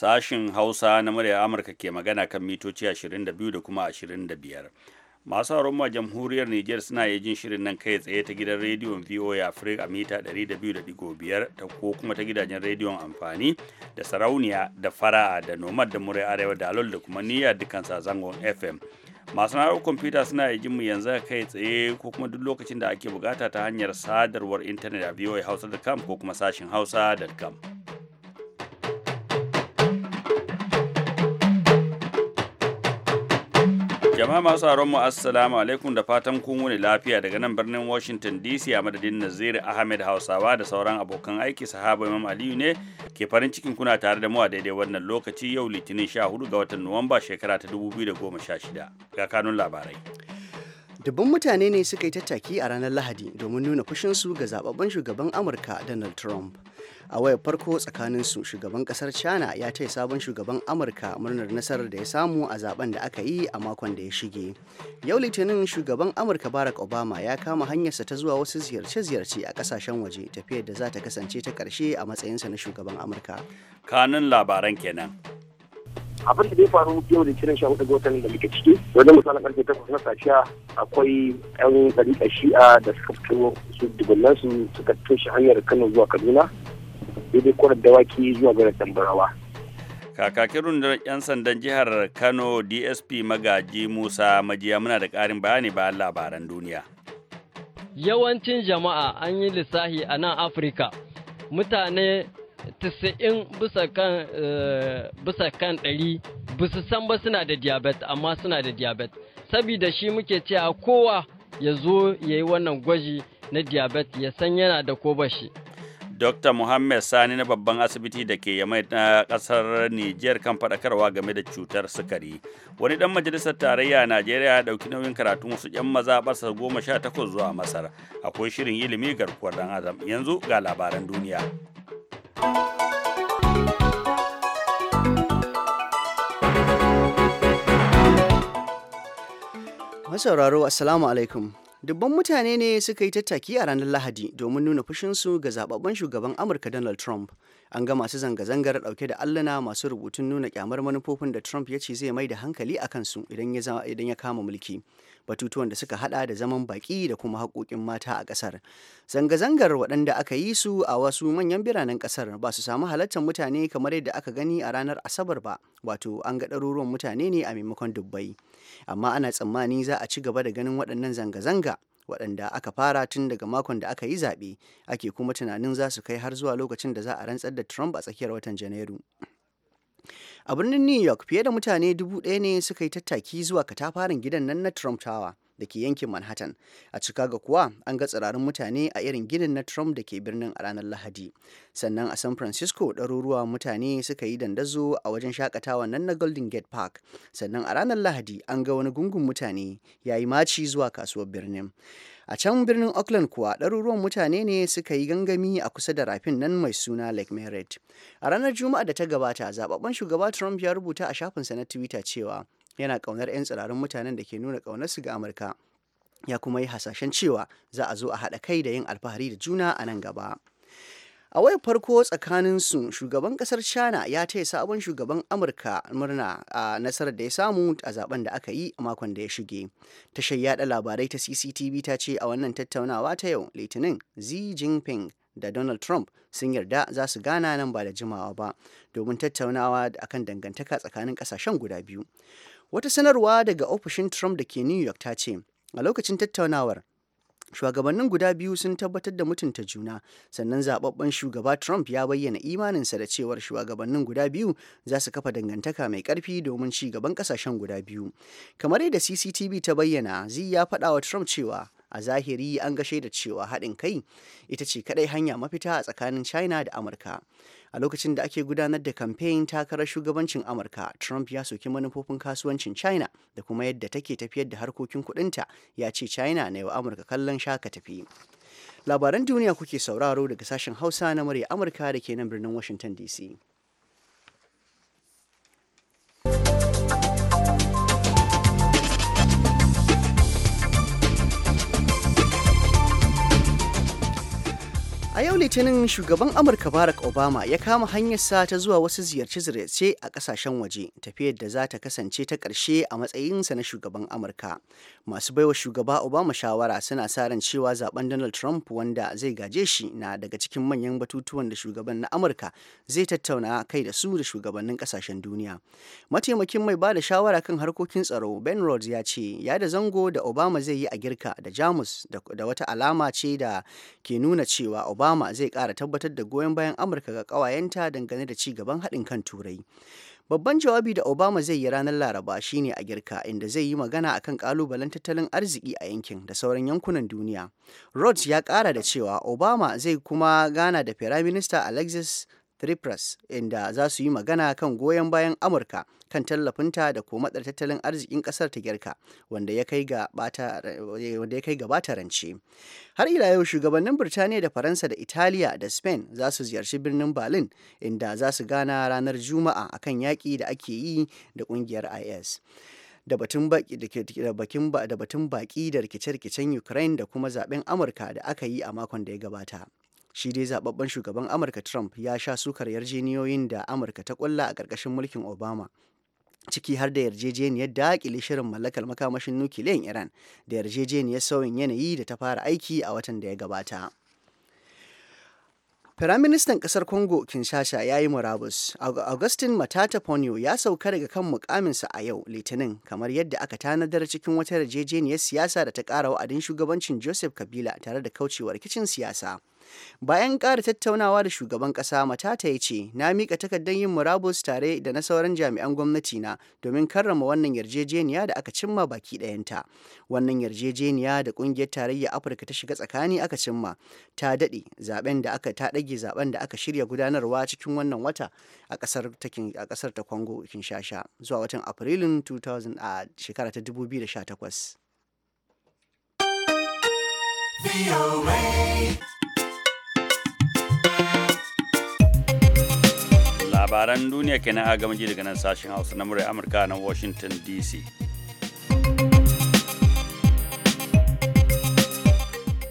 Sashin Hausa na murya Amurka ke magana kan mitoci 22 da kuma 25. Masu haruma jamhuriyar niger suna iya jin shirin nan kai tsaye ta gidan rediyon VOA Africa a mita 200.5 ta ko kuma ta gidajen rediyon amfani da sarauniya da fara'a da nomad da murai arewa da alol da kuma niyya dukkan zangon FM. masu na'urar kwamfuta suna jin mu yanzu kai tsaye ko kuma duk lokacin da ake bukata ta hanyar sadarwar intanet a hausa kam ko kuma sashin hausa.com Jama'a masu mu assalamu alaikum da fatan kun wuni lafiya daga nan birnin Washington DC a madadin Nazir Ahmed Hausawa da sauran abokan aiki sahaba Imam Aliyu ne ke farin cikin kuna tare da mu a daidai wannan lokaci yau Litinin 14 ga watan Nuwamba shekara ta 2016 ga kanun labarai. Dubban mutane ne suka yi tattaki a ranar Lahadi domin nuna su ga zababben shugaban Amurka Donald Trump. a wayar farko tsakanin su shugaban kasar china ya taya sabon shugaban amurka murnar nasarar da ya samu a zaben da aka yi a makon da ya shige yau litinin shugaban amurka barack obama ya kama hanyarsa ta zuwa wasu ziyarce-ziyarce a kasashen waje tafiyar da za ta kasance ta karshe a matsayinsa na shugaban amurka kanun labaran kenan abin da zai faru yau da shirin shahuɗa ga watan da muke ciki wajen misalin karfe takwas na safiya akwai yan ɗariƙa shi'a da suka fito su dubullan su suka toshe hanyar kano zuwa kaduna daidai da dawaki zuwa garin tambarawa kakakin rundunar 'yan sandan jihar kano dsp magaji musa majiya muna da ƙarin bayani bayan labaran duniya yawancin jama'a an yi lissahi a nan afirka mutane tisa'in bisa kan eh, ɗari, bisa san ba suna da diabet amma suna da diabet saboda shi muke cewa kowa ya zo ya yi wannan gwaji na diabet ya san yana da ko bashi Dr. Muhammad Sani na babban asibiti da ke yamai na kasar Nijar kan faɗakarwa game da cutar sukari. Wani ɗan majalisar tarayya Najeriya ya ɗauki nauyin karatun wasu 'yan maza ɓasa goma sha takwas zuwa Masar. Akwai shirin ilimi garkuwar dan Adam. Yanzu ga labaran duniya. Masauraro, Assalamu alaikum. Dubban mutane ne suka yi tattaki a ranar Lahadi domin nuna fushinsu ga zababben shugaban Amurka Donald Trump. An ga masu zanga-zangar ɗauke da allana masu rubutun nuna kyamar manufofin da Trump ya ce zai mai da hankali a kansu idan ya kama mulki. batutuwan da suka hada da zaman baki da kuma haƙoƙin mata a ƙasar zanga-zangar waɗanda aka yi su a wasu manyan biranen ƙasar ba su samu halartar mutane kamar yadda aka gani a ranar asabar ba wato an ga ɗaruruwan mutane ne a maimakon dubbai amma ana tsammani za a ci gaba da ganin waɗannan zanga-zanga waɗanda aka fara tun daga makon da aka yi zaɓe ake kuma tunanin za su kai har zuwa lokacin da za a rantsar da trump a tsakiyar watan janairu a birnin new york fiye da mutane dubu ɗaya ne suka yi tattaki zuwa katafaren gidan nan na trump tower da ke yankin manhattan a chicago kuwa an ga tsirarin mutane a irin ginin na trump da ke birnin a ranar lahadi sannan a san francisco ɗaruruwa mutane suka yi dandazo a wajen shakatawa nan na golden gate park sannan a ranar lahadi an ga wani gungun mutane ya yi maci zuwa kasuwar birnin a can birnin auckland kuwa ɗaruruwan mutane ne suka yi gangami a kusa da rafin nan mai suna lake merritt a ranar juma'a da ta gabata zababben shugaba trump ya rubuta a shafinsa na twitter cewa yana ƙaunar 'yan tsirarin mutanen da ke nuna su ga amurka ya kuma yi hasashen cewa za a zo a haɗa kai da yin alfahari da juna a nan gaba a wayar farko tsakanin su, shugaban kasar china ya taya sabon shugaban amurka murna a nasarar da ya samu a zaben da aka yi a makon da ya shige tashar yada labarai ta cctv ta ce a wannan tattaunawa ta yau litinin xi jinping da Donald Trump sun yarda za su gana nan ba da jimawa ba domin tattaunawa akan dangantaka tsakanin kasashen guda biyu. Wata sanarwa daga ofishin Trump da ke New York ta ce, a lokacin tattaunawar shugabannin guda biyu sun tabbatar da mutunta juna sannan zaɓaɓɓen shugaba trump ya bayyana imaninsa da cewar shugabannin guda biyu za su kafa dangantaka mai ƙarfi domin ci gaban ƙasashen guda biyu kamar yadda cctv ta bayyana zai ya faɗa wa trump cewa a zahiri an gashe da cewa haɗin kai ita ce kaɗai hanya mafita a tsakanin china da amurka a lokacin da ake gudanar da kamfen takarar shugabancin amurka trump ya soki manufofin kasuwancin china da kuma yadda take tafiyar da harkokin kudinta ya ce china na yau amurka kallon shaka tafi labaran duniya kuke sauraro daga sashen hausa na murya amurka da ke nan birnin washington dc A yau Litinin shugaban Amurka Barack Obama ya kama hanyarsa ta zuwa wasu ziyarce-ziyarce a kasashen waje, tafiyar da za ta kasance ta karshe a matsayinsa na shugaban Amurka. Masu baiwa shugaba Obama shawara suna sa ran cewa zaben Donald Trump wanda zai gaje shi na daga cikin manyan batutuwan da shugaban na Amurka zai tattauna kai da su da shugabannin kasashen duniya. Mataimakin mai ba da shawara kan harkokin tsaro Ben Rhodes ya ce ya da zango da Obama zai yi a girka da Jamus da wata alama ce da ke nuna cewa Obama obama zai ƙara tabbatar da goyon bayan amurka ga ƙawayenta dangane da ci gaban haɗin kan turai babban jawabi da obama zai yi ranar laraba shine a girka inda zai yi magana akan kalubalen tattalin arziki a yankin da sauran yankunan duniya rhodes ya kara da cewa obama zai kuma gana da firaminista alexis Tsipras inda za su yi magana kan goyon bayan Amurka kan tallafinta da kuma matsar tattalin arzikin kasar ta girka wanda ya kai ga bata rance. Har ila yau shugabannin Birtaniya da Faransa da Italiya da Spain za su ziyarci birnin Berlin inda za su gana ranar Juma'a akan yaƙi da ake yi da ƙungiyar IS. da batun baki da batun baki da rikice-rikicen Ukraine da kuma zaben Amurka da aka yi a makon da ya gabata. shi dai zaɓaɓɓen shugaban amurka trump ya sha sukar yarjejeniyoyin da amurka ta kulla a ƙarƙashin mulkin obama ciki har da yarjejeniyar dakile shirin mallakar makamashin nukiliyan iran da yarjejeniyar sauyin yanayi da ta fara aiki a watan da ya gabata Firaministan ƙasar Congo Kinshasa ya yi murabus. Augustin Matata Ponyo ya sauka daga kan mukaminsa a yau Litinin kamar yadda aka tanadar cikin wata yarjejeniyar siyasa da ta ƙara wa'adin shugabancin Joseph Kabila tare da kaucewa rikicin siyasa. bayan ƙara tattaunawa da shugaban ƙasa matata ya ce na mika takardar yin murabus tare da na sauran jami'an gwamnati na domin karrama wannan yarjejeniya da aka cimma baki ɗayanta wannan yarjejeniya da ƙungiyar tarayya afirka ta shiga tsakani aka cimma ta daɗe zaben da aka ta ɗage zaben da aka shirya gudanarwa cikin wannan wata a ƙasar ta a ƙasar ta Kinshasa zuwa watan Afrilun a shekara ta 2018 labaran duniya kenan a gamaji daga nan sashen hausa na murai amurka nan washington dc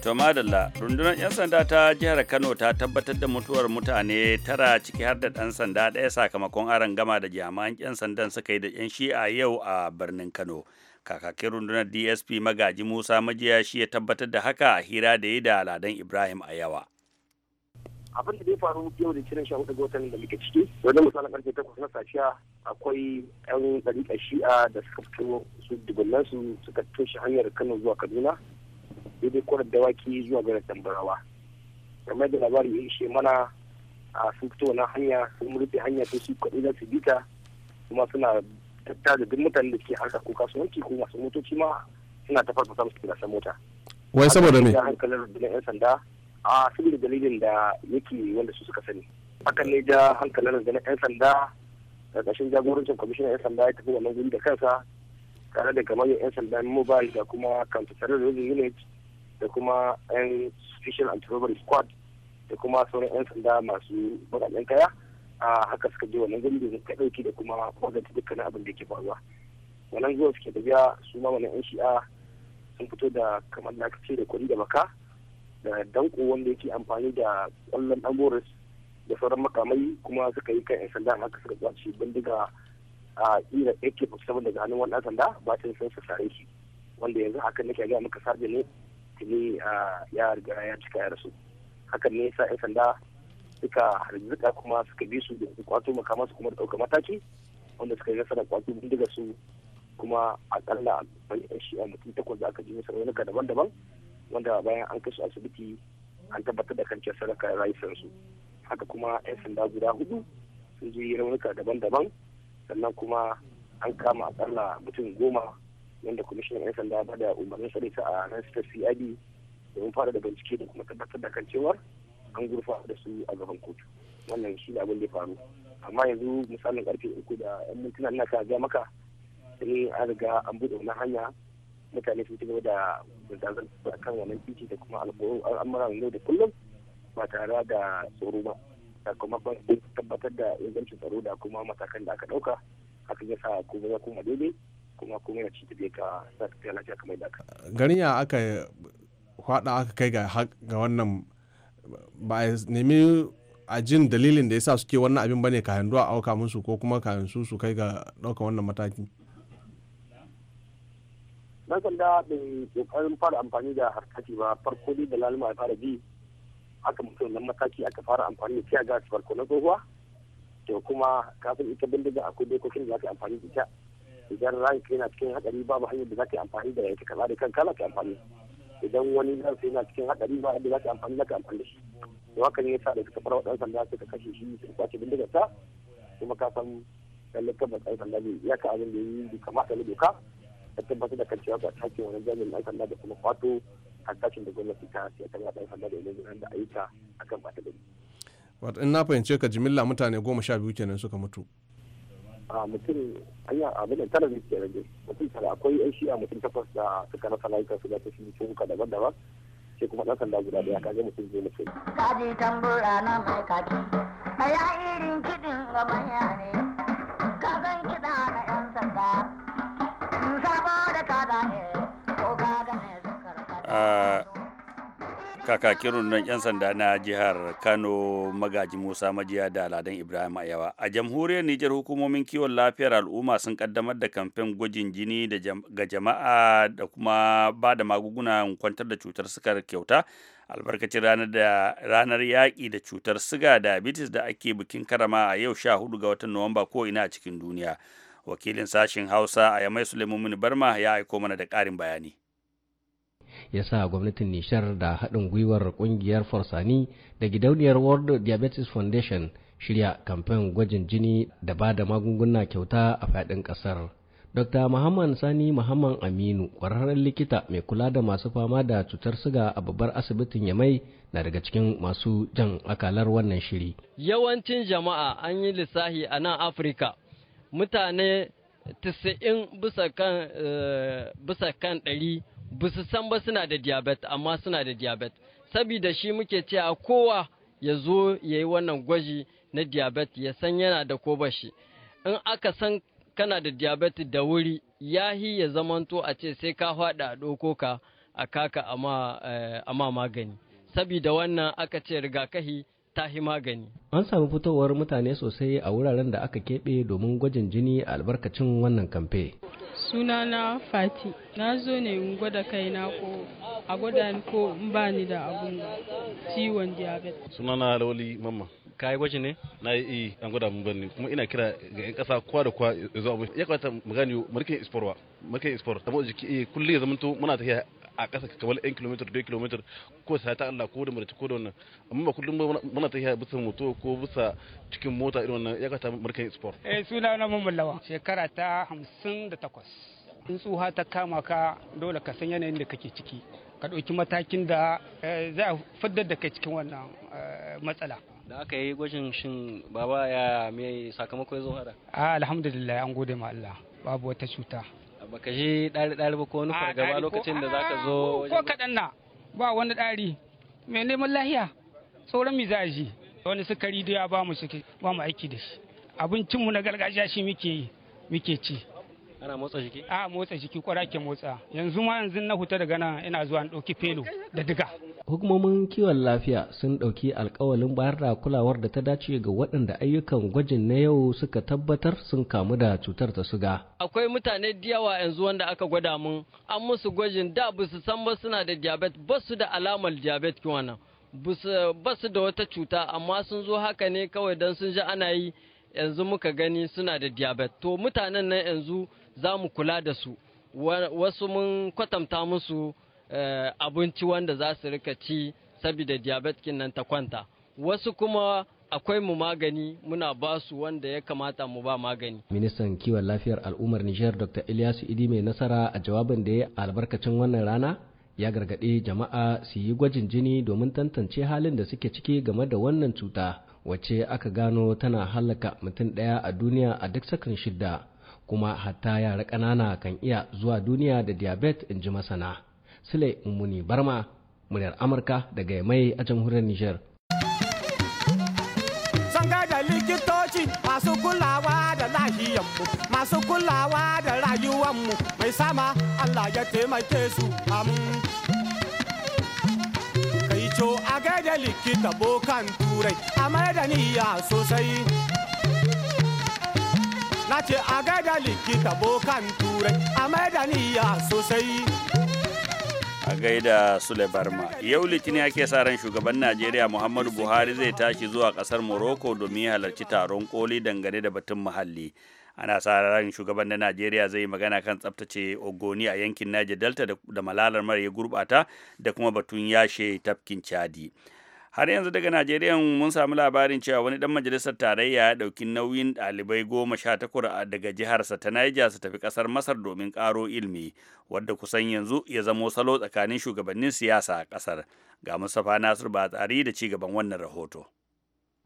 to madalla rundunar 'yan sanda ta jihar kano ta tabbatar da mutuwar mutane tara ciki har da ɗan sanda ɗaya sakamakon aron gama da jami'an 'yan sandan suka yi da 'yan shi'a yau a birnin kano kakakin rundunar dsp magaji musa majiya shi ya tabbatar da haka a hira da yi da aladan ibrahim a yawa abin da zai faru yau da shirin sha hudu watan da muke ciki wajen misalin karfe takwas na safiya akwai yan dariƙa shi'a da suka fito su dubullan su suka toshe hanyar kano zuwa kaduna daidai kwarar dawaki zuwa garin tambarawa kamar da labari ya ishe mana a sun fito wannan hanya sun rufe hanya ta su kaduna su bita kuma suna tattara da duk mutanen da ke harka ko kasuwanci ko masu motoci ma suna tafar da samun su mota. wai saboda ne. hankalin rundunar 'yan sanda a saboda dalilin da yake wanda su suka sani hakan ne ja hankalin da na 'yan sanda ƙarƙashin jagorancin kwamishinan 'yan sanda ya tafi wannan wuri da kansa tare da kamar 'yan sanda mobile da kuma kamfutar terrorism unit da kuma 'yan special anti-robbery squad da kuma sauran 'yan sanda masu baƙaƙen kaya a haka suka je wannan guri da ka ɗauki da kuma magance dukkanin abin da ke faruwa wannan zuwa suke tafiya su ma wannan 'yan shi'a sun fito da kamar da aka da kuɗi da baka da danko wanda yake amfani da kwallon dan boris da sauran makamai kuma suka yi kan yan sanda haka suka kwace bindiga a ira ak saboda daga hannun wani sanda ba ta sun su sare shi wanda yanzu hakan nake ga muka sarje ne tuni ya riga ya cika ya rasu hakan ne sa yan sanda suka harzuka kuma suka bi su da kwato makama su kuma da ɗauka mataki wanda suka yi nasarar kwato bindiga su kuma akalla a shi a mutum takwas da aka ji musu raunuka daban-daban wanda bayan an kasu asibiti an tabbatar da kan sadaka rayukansu haka kuma 'yan sanda guda hudu sun ji raunuka daban-daban sannan kuma an kama akalla mutum goma wanda kwamishinan 'yan sanda ba da umarnin sarita a nan sitar cid domin fara da bincike da kuma tabbatar da kan cewar an gurfa da su a gaban kotu wannan shi abin da ya faru amma yanzu misalin karfe uku da 'yan mintuna ina ka maka sai an riga an buɗe wani hanya mutane su cigaba da zantazan a kan wannan titi da kuma al'amuran yau da kullum ba tare da tsoro ba sakamakon sun tabbatar da ingancin tsaro da kuma matakan da aka ɗauka hakan ya sa kuma ya kuma daidai kuma kuma ya ci tafiye ka sa tafiya lafiya kamar da aka. garin ya aka faɗa aka kai ga wannan ba a nemi a jin dalilin da ya sa suke wannan abin bane kayan a auka musu ko kuma kayan su su kai ga ɗaukar wannan mataki. dan sanda bai kokarin fara amfani da harkaci ba farko da lalima ya fara bi aka mutu nan mataki aka fara amfani da tiya gas farko na tsohuwa to kuma kafin ita bindiga akwai dokokin da za ka amfani da ita idan rank yana cikin hadari babu hanyar da za ka amfani da ita kaza da kan kala ka amfani idan wani sai yana cikin hadari ba da za ka amfani da ka amfani da shi to haka ne yasa da suka fara wadan sanda suka kashe shi suka kwace bindiga ta kuma ka san lallai ba ɗan sanda ne ya ka abin da ya yi kamata na doka a tabbatar da kan cewa ba takin wani jami'in ɗan sanda da kuma kwato a hankacin da gwamnati ta siya ta ba ɗan sanda da ilimin da ayyuka akan ɓata gari. wato in na fahimce ka jimilla mutane goma sha biyu kenan suka mutu. a mutum anya abin da tara zai kenan dai mutum tara akwai yan a mutum takwas da suka rasa layukan su da ta shi ka daban-daban sai kuma ɗan sanda guda ɗaya ga mutum zai mutu. ji tambura na mai kaki ya irin kiɗin ga manya ne ka kiɗa na 'yan sanda kakakin nan 'yan sanda na jihar kano magaji musa majiya da aladan ibrahim ayawa a jamhuriyar nijar hukumomin kiwon lafiyar al'umma sun kaddamar da kamfen gwajin jini ga jama'a da kuma ba da magungunan kwantar da cutar sukar kyauta albarkacin ranar da ranar yaƙi da cutar siga diabetes da ake bikin karama a yau 14 ga watan nuwamba ko ina a cikin duniya wakilin sashen hausa a yamai suleiman barma ya aiko mana da ƙarin bayani ya sa gwamnatin nishar da haɗin gwiwar ƙungiyar forsani da gidauniyar world diabetes foundation shirya kamfen gwajin jini da ba da magunguna kyauta a faɗin ƙasar dr muhammad sani muhammad aminu ƙwararren likita mai kula da masu fama da cutar siga a babbar asibitin yamai na daga cikin masu jan akalar wannan shiri yawancin jama'a an yi lissahi a nan afirka mutane 90 bisa kan eh, bisa kan 100 san ba suna da diabet amma suna da diabet sabida shi muke cewa kowa ya zo ya yi wannan gwaji na diabet ya san yana da ko bashi in aka san kana da diabet da wuri ya hi ya zamanto a ce sai ka faɗa a ɗoko a kaka eh, a ma magani sabida wannan aka ce rigakahi ta yi magani. An samu fitowar mutane sosai a wuraren da aka keɓe domin gwajin jini a albarkacin wannan kamfe. Sunana Fati, na zo ne in gwada kaina ko a gwada ko in bani da abun ciwon diabetes. Sunana Lawli Mamman. ka yi gwaji ne na yi eh, an gwada mun bani kuma ina kira ga yan kasa kwa da kwa zuwa ya kamata mu gani marke ispor wa mulkin ispor amma jiki eh, kullum ya zamanto muna tafiya a ƙasa kamar 1 km 2 km ko sai ta Allah ko da mace ko da wannan amma ba kullum muna tafiya bisa moto ko bisa cikin mota irin wannan ya kwata markan sport eh suna na mun mallawa shekara ta 58 in tsuha ta kama ka dole ka san yanayin da kake ciki ka ɗauki matakin da eh, za a fitar da kai cikin wannan matsala da aka yi gwajin shin baba ya mai sakamako ya zo hada a alhamdulillah an gode ma Allah babu wata cuta baka ji ɗari ɗari ba ko wani fargaba lokacin da zaka zo ko kadan na ba wani dari. mai neman lahiya sauran mi wani sukari da ya ba mu shi ba mu aiki da shi abincinmu na gargajiya shi muke yi muke ci ana motsa jiki a motsa jiki kwara ke motsa yanzu ma yanzu na huta daga nan ina zuwa an ɗauki felo da diga hukumomin kiwon lafiya sun ɗauki alkawalin bayar da kulawar da ta dace ga waɗanda ayyukan gwajin na yau suka tabbatar sun kamu da cutar ta suga. Akwai mutane da yawa yanzu wanda aka gwada mun an musu gwajin da ba su san ba suna da diabetes ba su da alamar diabetes nan ba su da wata cuta amma sun zo haka ne kawai don sun ji ana yi yanzu muka gani suna da diabetes to mutanen nan yanzu za mu kula da su wasu mun kwatanta musu Eh, abinci wanda za su rika ci saboda diabetes nan ta kwanta wasu kuma akwai mu magani muna basu wanda ya kamata mu ba magani. Ministan kiwon lafiyar al'ummar Nijar Dr. Ilyasu Idi mai nasara a jawabin da ya albarkacin wannan rana ya gargaɗi jama'a su yi gwajin jini domin tantance halin da suke ciki game da wannan cuta wacce aka gano tana hallaka mutum ɗaya a duniya a duk sakan shidda kuma hatta yara ƙanana kan iya zuwa duniya da diabetes in ji masana. Sule Mummuni Barma, muryar Amurka daga mai a jamhuriyar Nijar. Sanga da likitoci masu kulawa da lahiyanmu, masu kulawa da rayuwanmu mai sama Allah ya taimake su Kai co a gaida likita bokan turai, a da sosai. na ce a gaida likita bokan turai a maidaniya sosai a gaida Sule Barma. Yau Litinin ake sa ran shugaban Najeriya Muhammadu Buhari zai tashi zuwa kasar Morocco domin halarci taron koli dangane da batun muhalli. Ana sa ran shugaban na Najeriya zai magana kan tsaftace ogoni a yankin Niger Delta da malalar mara ya gurbata da kuma batun yashe tafkin Chadi. har yanzu daga najeriya mun samu labarin cewa wani dan majalisar tarayya ya dauki nauyin ɗalibai goma sha takwar daga jiharsa ta niger su tafi ƙasar masar domin karo ilmi wadda kusan yanzu ya zamo salo tsakanin shugabannin siyasa a ƙasar ga mustapha nasir ba tsari da ci gaban wannan rahoto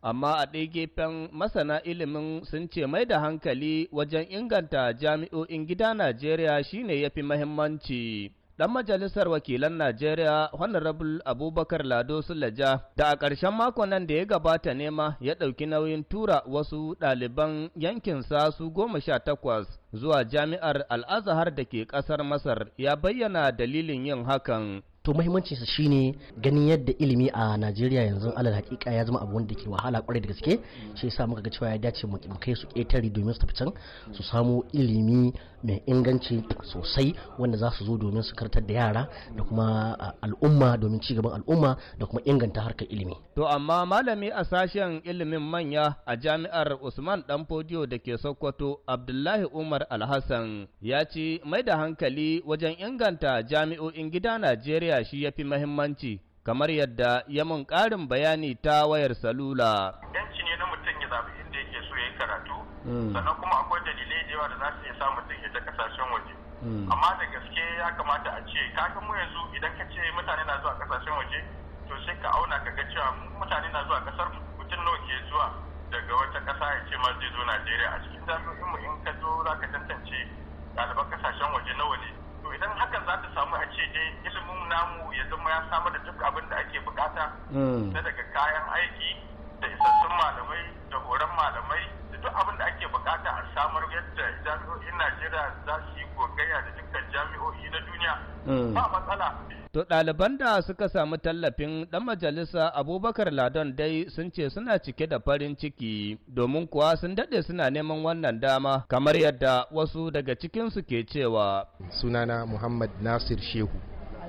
amma a ɗaya gefen masana ilimin sun ce mai da hankali wajen inganta jami'o'in gida najeriya shine ya fi mahimmanci dan majalisar wakilan Najeriya Honorable Abubakar Lado Sulaja da a ƙarshen makon nan da ya gabata nema ya ɗauki nauyin tura wasu ɗaliban yankinsa su goma sha takwas zuwa jami'ar Al-Azhar da ke ƙasar Masar ya bayyana dalilin yin hakan. to muhimmanci shi shine ganin yadda ilimi a Najeriya yanzu alal hakika ya zama abu wanda ke wahala kwarai da gaske shi yasa muka ga cewa ya dace mu kai su ƙetare domin su tafi can su samu ilimi mai inganci sosai wanda za su zo domin su kartar da yara da kuma al'umma domin cigaban al'umma da kuma inganta harkar ilimi. To amma malami a sashen ilimin manya a jami'ar Usman Dan Fodiyo da ke Sokoto Abdullahi Umar Alhassan ya ce mai da hankali wajen inganta jami'o'in gida Najeriya shi ya fi mahimmanci kamar yadda ya mun ƙarin bayani ta wayar salula. ne na mutum ya zaɓi inda yake so ya yi karatu Mm. sannan kuma akwai dalilai da yawa da za su iya samu da ke ta kasashen waje mm. amma da gaske ya kamata a ce kaga mu yanzu idan ka ce mutane na zuwa kasashen waje to sai ka auna ka ga cewa mutane na zuwa kasar mutum nawa ke zuwa daga wata kasa ya ce ma zai zo Najeriya a cikin jami'in mu in ka zo za ka tantance ɗaliban kasashen waje nawa ne to idan hakan za ta samu a ce dai ilimin namu ya zama ya samar da duk abin da ake bukata na mm. daga kayan aiki da isassun malamai da horon malamai da duk abin da ake bukata a samar yadda jami'o'in Najeriya za su yi gogayya da dukkan jami'o'i na duniya hmm. ba matsala. To ɗaliban da suka samu tallafin ɗan majalisa Abubakar Ladon dai sun ce suna cike da farin ciki domin kuwa sun daɗe suna neman wannan dama kamar yadda wasu daga cikinsu ke cewa. Sunana Muhammad Nasir Shehu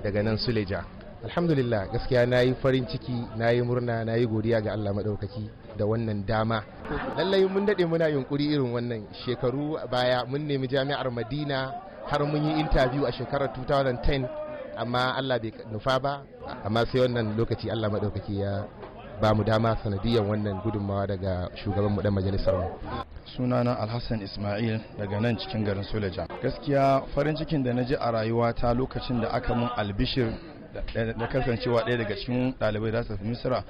daga nan Suleja. alhamdulillah gaskiya na yi farin ciki na yi murna na yi godiya ga allah maɗaukaki da wannan dama lallai mun daɗe muna yunkuri irin wannan shekaru baya mun nemi jami'ar madina har mun yi interview a shekarar 2010 amma allah bai nufa ba amma sai wannan lokaci allah maɗaukaki ya ba mu dama sanadiyar wannan gudunmawa daga shugaban mu dan majalisar mu sunana alhassan ismail daga nan cikin garin suleja gaskiya farin cikin da na ji a rayuwata lokacin da aka mun albishir da kasancewa ɗaya daga cikin ɗalibai da su misira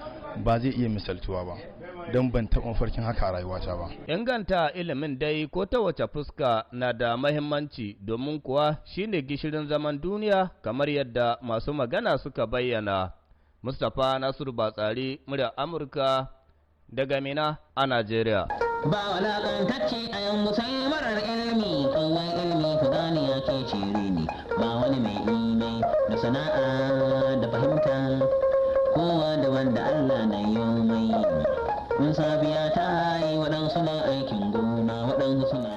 ba zai iya misaltuwa ba don ban taɓa farkin haka a rayuwata ba. Inganta ilimin dai ko ta wace fuska na da mahimmanci domin kuwa shine gishirin zaman duniya kamar yadda masu magana suka bayyana. Mustapha Nasiru Batsari, murya Amurka daga Mina a Najeriya. Ba wala a yan musamman ilimi, kawai ilimi ku gani ya ke ciri. sana'a da fahimta kowa da wanda Allah na yi mai sabiya ta yi waɗansu na aikin gona waɗansu suna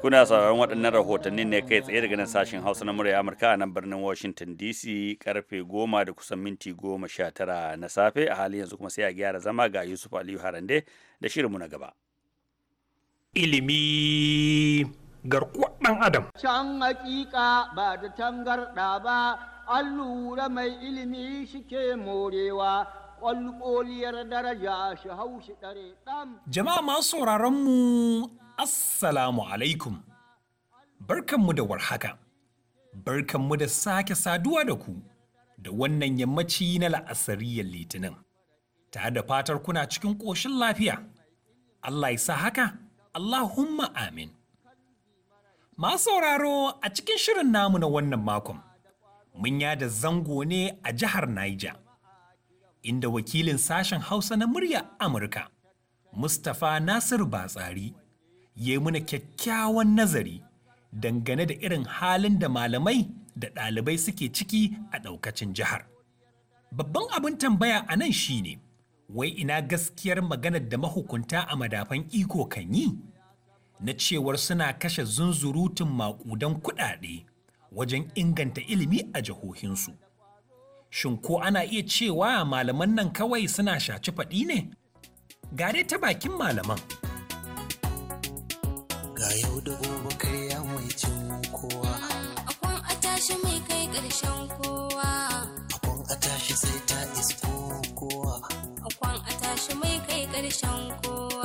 Kuna sauraron waɗannan rahotannin ne kai tsaye daga nan sashen Hausa na murya Amurka a nan birnin Washington DC karfe goma da kusan minti goma sha tara na safe a halin yanzu kuma sai a gyara zama ga Yusuf Aliyu Harande da shirinmu na gaba. Ilimi garkuwar ɗan Adam. Can hakika ba da tangarɗa ba an lura mai ilimi shi ke morewa ƙwalƙoliyar daraja shi haushi shi ɗare ɗan. Jama'a masu sauraronmu Assalamu alaikum, barkanmu da warhaka, barkanmu da sake saduwa da ku da wannan yammaci na la'asariyar litinin, ta da fatar kuna cikin ƙoshin lafiya. Allah ya sa haka, Allahumma amin. Masu sauraro a cikin shirin namu na wannan makon. mun yada zango ne a jihar Niger, inda wakilin sashen Hausa na murya Amurka, Mustapha Nasir Batsari, ya yi muna kyakkyawan nazari dangane da irin halin da malamai da ɗalibai suke ciki a ɗaukacin jihar. Babban abin tambaya a nan shine, wai ina gaskiyar maganar da mahukunta a madafan iko kan yi? Na cewar suna kashe zunzurutun maƙudan kuɗaɗe. wajen inganta ilimi a jihohinsu. Shin ko ana iya cewa malaman nan kawai suna shaci faɗi ne? Gare ta bakin malaman. Ga yau da gobe karya mai cin kowa. Akwai a tashi mai kai ƙarshen kowa. Akwai a tashi sai ta isko kowa. Akwai a tashi mai kai ƙarshen kowa.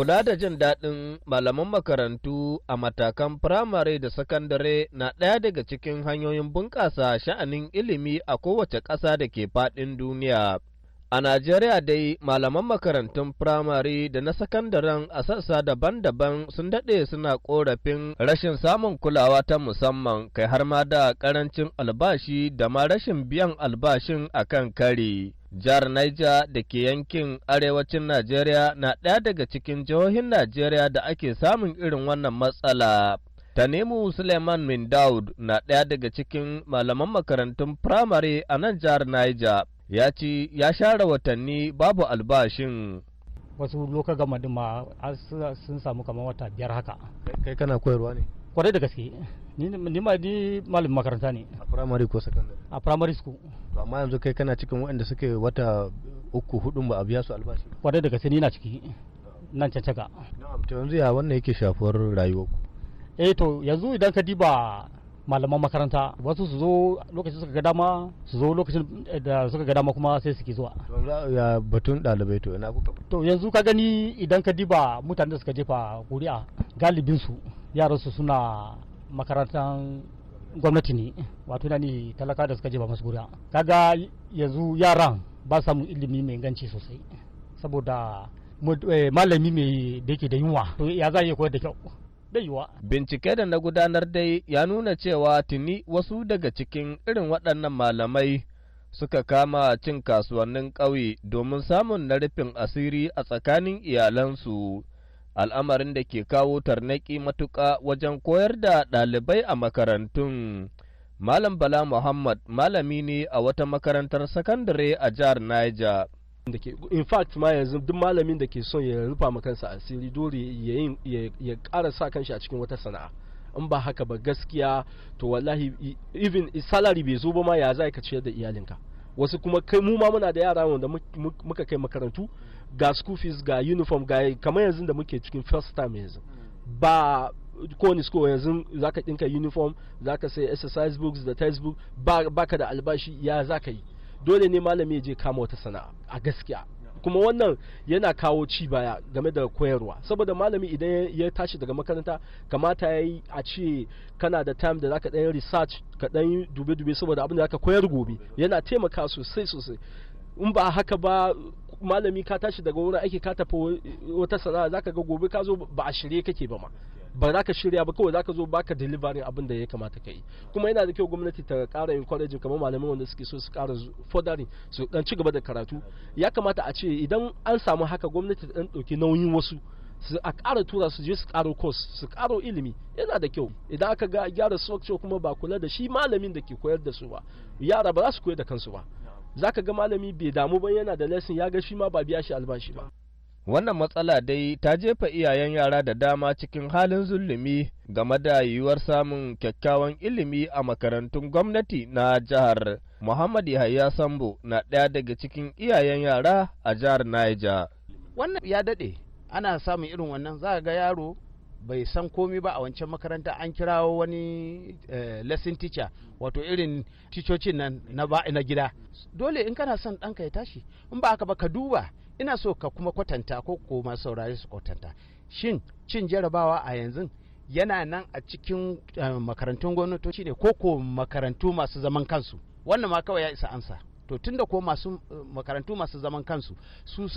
Kula da jin daɗin malaman makarantu a matakan firamare da sakandare na ɗaya daga cikin hanyoyin bunƙasa sha'anin ilimi a kowace ƙasa da ke faɗin duniya. A Najeriya dai malaman makarantun firamare da na sakandaren a sassa daban-daban sun daɗe suna ƙorafin rashin samun kulawa ta musamman kai har ma da ƙarancin albashi da ma rashin biyan albashin a kan kari. Jihar Niger da ke yankin arewacin Najeriya na ɗaya daga cikin jihohin Najeriya da ake samun irin wannan matsala. Tanimu Suleiman Minda'ud na ɗaya daga cikin malaman makarantun firamare a nan jihar Niger. Ya ci ya share watanni babu albashin. Wasu loka gama ma sun samu kamar wata biyar haka. Kai kana koyarwa ne? kwarai da gaske ni ma ni malamin makaranta ne a primary ko secondary a primary school amma yanzu kai kana cikin waɗanda suke wata uku hudun ba a biya su albashi kwarai da gaske ni na ciki nan cancaka na'am to yanzu ya wannan yake shafuwar rayuwar ku eh to yanzu idan ka diba malaman makaranta wasu su zo lokacin suka ga dama su zo lokacin da suka ga dama kuma sai suke zuwa ya batun dalibai to ina kuka to yanzu ka gani idan ka diba mutanen da suka jefa kuri'a galibinsu. su yaransu suna makarantar gwamnati ne wato na ne talaka da suka je ba masu guriya kaga yanzu yaran ba samun ilimi mai inganci sosai saboda eh, malami mai da yake da yunwa ya za iya koyar da kyau da Bincike da na gudanar dai ya nuna cewa tuni wasu daga cikin irin waɗannan malamai suka kama cin kasuwannin ƙauye domin samun na rufin asiri a tsakanin iyalansu al'amarin da ke kawo tarnaki matuka wajen koyar da ɗalibai a makarantun. Malam Bala Muhammad malami ne a wata makarantar sakandare a jihar Niger. in fact ma yanzu duk malamin da ke son ya rufa makansa a asiri dole ya ƙara sa kanshi a cikin wata sana'a in ba haka ba gaskiya to wallahi even salary bai zo ba ma ya za ka ciyar da iyalinka wasu kuma kai mu ma muna da yara wanda muka kai makarantu ga school fees ga uniform ga kamar yanzu da muke cikin first time yanzu ba kowane school yanzu za ka ɗinka uniform za ka sai exercise books da textbook ba ka da albashi ya za ka yi dole ne malami ya je kama wata sana'a a gaskiya kuma wannan yana kawo ci baya game da koyarwa saboda malami idan ya tashi daga makaranta kamata ya yi a ce kana da time da zaka ɗan research ka yi dube-dube saboda abin da zaka koyar gobe yana taimaka sosai sosai in ba haka ba malami ka tashi daga wurin aiki ka tafi wata sana'a zaka ga gobe ka zo ba a shirye kake ba ma ba za ka shirya ba kawai za ka zo ba ka delivery abin da ya kamata ka yi kuma yana da kyau gwamnati ta ƙara kwalejin kamar malamai wanda suke so su ƙara fodari su dan ci gaba da karatu ya kamata a ce idan an samu haka gwamnati ta dan ɗauki nauyin wasu su a ƙara tura su je su ƙaro course su ƙaro ilimi yana da kyau idan aka ga gyara structure kuma ba kula da shi malamin da ke koyar da su ba yara ba za su koyar da kansu ba zaka ga malami bai damu ba yana da lesson ya ga shi ma ba biya shi albashi ba wannan matsala dai ta jefa iyayen yara da dama cikin halin zulumi game da yiwuwar samun kyakkyawan ilimi a makarantun gwamnati na jihar muhammad yahaya sambo na ɗaya daga cikin iyayen yara a jihar niger wannan ya daɗe ana samun irin wannan za ga yaro bai san komi ba a wancan makaranta an kirawo wani eh, lesson teacher wato irin ticocin nan na ba na gida dole in kana son ɗanka ya tashi in ba aka ba ka duba ina so ka kuma kwatanta ko kuma saurari su kwatanta shin cin jarabawa a yanzu yana nan a cikin eh, makarantun gwamnatoci ne ko ko makarantu masu zaman kansu wannan ma kawai ya isa ansa to tunda ko masu eh, makarantu masu zaman kansu su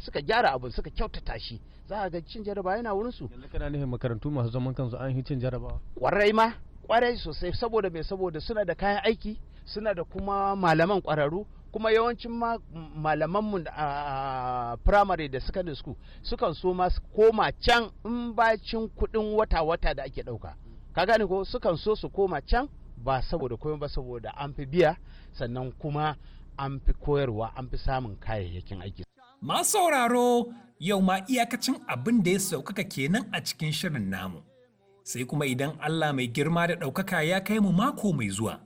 suka gyara abin suka kyautata shi za a ga cin jarabawa yana wurin su yanzu kana nufin makarantu masu zaman kansu an yi cin jarabawa kwarai ma kwarai sosai saboda me saboda suna da kayan aiki suna da kuma malaman kwararru kuma yawancin ma mm, mu a primary da secondary school sukan so ma koma can in bacin kudin wata-wata da ake dauka ka gane ko sukan so su koma can ba saboda komai ba saboda an fi biya sannan kuma an fi koyarwa an fi samun kayayyakin aiki. Masu sauraro yau ma iyakacin abin da ya saukaka kenan a cikin shirin namu. Sai kuma idan Allah mai girma da ɗaukaka ya kai mu mako mai zuwa,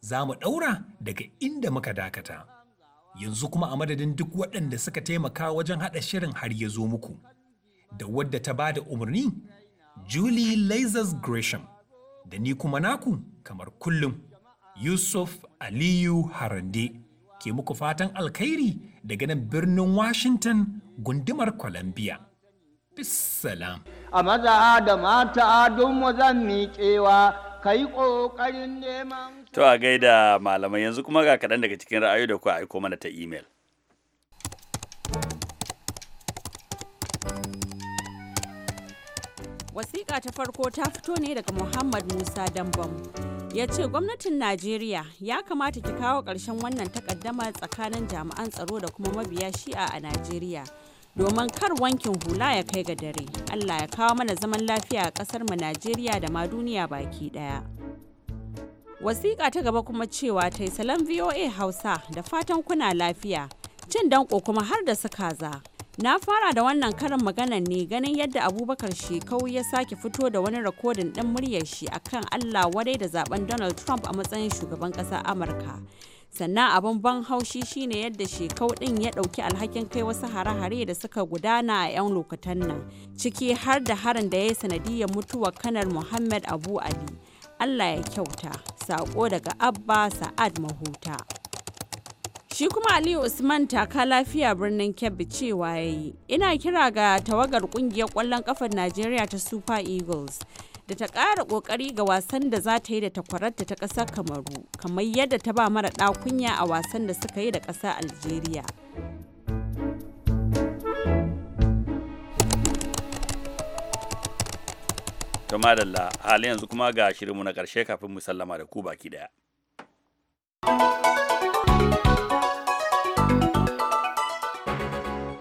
za mu ɗaura daga inda muka dakata. Yanzu kuma a madadin duk waɗanda suka taimaka wajen haɗa shirin har ya zo muku. Da wadda ta ba da umarni, Julie Lazarus Gresham. da ni kuma naku kamar kullum Yusuf Aliyu Harande ke muku fatan alkhairi daga nan birnin Washington gundumar Columbia. Bissalam. A maza da mata don wazan miƙewa kai ƙoƙarin neman. To a gaida malamai yanzu kuma ga kaɗan daga cikin ra'ayoyi da ku aiko mana ta imel. Wasiƙa ta farko ta fito ne daga Muhammad Musa Dambam. Ya ce gwamnatin Najeriya ya kamata ki kawo ƙarshen wannan takaddama tsakanin jami'an tsaro da kuma mabiya shi'a a Najeriya. Domin kar wankin hula ya kai ga dare. Allah ya kawo mana zaman lafiya a ƙasar mu Najeriya da ma duniya baki ɗaya. wasiƙa ta gaba kuma cewa ta yi salon voa hausa da fatan kuna lafiya cin danko kuma har da suka za Na fara da wannan karin maganan ne ganin yadda Abubakar Shekau ya sake fito da wani rakodin ɗin muryar shi akan Allah wadai da zaben Donald Trump a matsayin shugaban ƙasar Amurka. Sannan abin ban haushi shine yadda shekau ɗin ya ɗauki alhakin kai wasu hare-hare da suka gudana a 'yan lokutan nan, ciki har da harin da ya yi sanadiyar mutuwar kanar Muhammad Abu Ali. Allah ya kyauta, saƙo daga Abba Sa'ad Mahuta. Shi kuma Aliyu Usman taka lafiya birnin Kebbi cewa ya yi, ina kira ga tawagar kungiyar kwallon kafar Najeriya ta Super Eagles da ta kara kokari ga wasan da za ta yi da takwararta ta ƙasar Kamaru, kamar yadda ta ba mara ɗakunya a wasan da suka yi da kasa Algeria. To madalla hali yanzu kuma ga shirinmu na ƙarshe kafin mu sallama da ku baki ɗaya.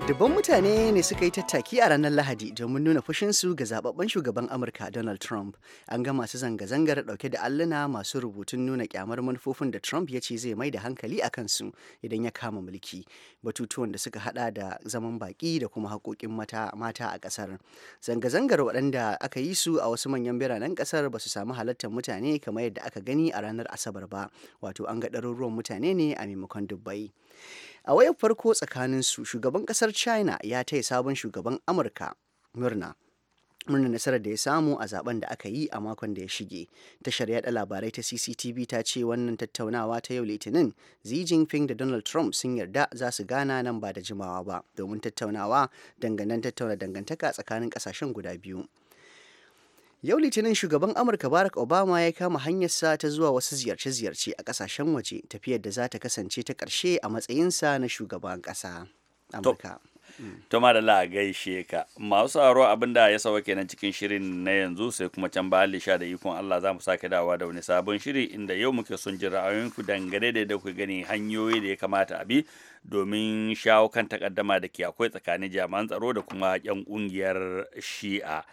Dubban mutane ne suka yi tattaki a ranar Lahadi domin nuna fushinsu ga zababben shugaban Amurka Donald Trump. An ga masu zanga-zangar dauke da alluna masu rubutun nuna kyamar manufofin da Trump ya ce zai mai da hankali a kansu idan ya kama mulki. Batutuwan da suka hada da zaman baki da kuma haƙoƙin mata, a ƙasar. Zanga-zangar waɗanda aka yi su a wasu manyan biranen ƙasar ba su samu halartar mutane kamar yadda aka gani a ranar Asabar ba. Wato an ga ɗaruruwan mutane ne a maimakon dubbai. a wayar farko tsakanin su shugaban kasar china ya taya sabon shugaban amurka murna murna nasarar da ya samu a zaben da aka yi a makon da ya shige tashar yada labarai ta cctv ta ce wannan tattaunawa ta yau litinin xi jinping da donald trump sun yarda za su gana nan ba da jimawa ba domin tattaunawa dangannan tattauna dangantaka tsakanin kasashen guda biyu Yau Litinin shugaban Amurka Barack Obama ya kama hanyarsa ta zuwa wasu ziyarce-ziyarce a kasashen waje tafiyar da za ta kasance ta ƙarshe a matsayinsa na shugaban ƙasa Amurka. Mm. To madalla gaishe ka masu tsaro abin da ya sauwa kenan cikin shirin na yanzu sai kuma can ba sha da ikon Allah za mu sake dawa da wani sabon shiri inda yau muke son jin ra'ayoyinku dangane da yadda gani hanyoyi da ya kamata a bi domin shawo kan takaddama da ke akwai tsakanin jami'an tsaro da kuma 'yan kungiyar shi'a.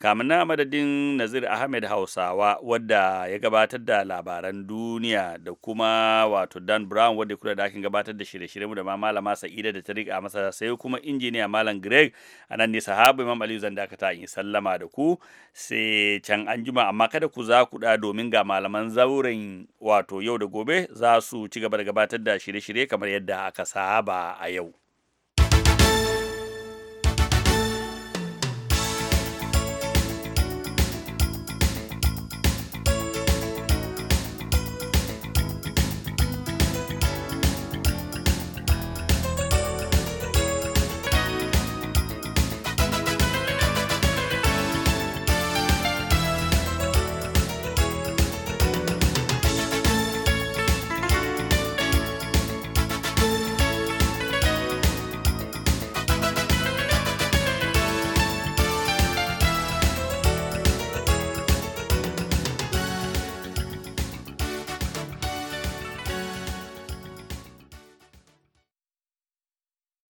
kamun madadin nazir ahmed hausawa wadda ya gabatar da labaran duniya da kuma wato dan brown wadda kula da akin gabatar da shirye-shirye da ma malama sa'ida da tarik a masa sai kuma injiniya malam greg a nan ne sahabu imam aliyu zan dakata in sallama da ku sai can an amma kada ku za ku da domin ga malaman zauren wato yau da gobe za su ci gaba da gabatar da shirye-shirye kamar yadda aka saba a yau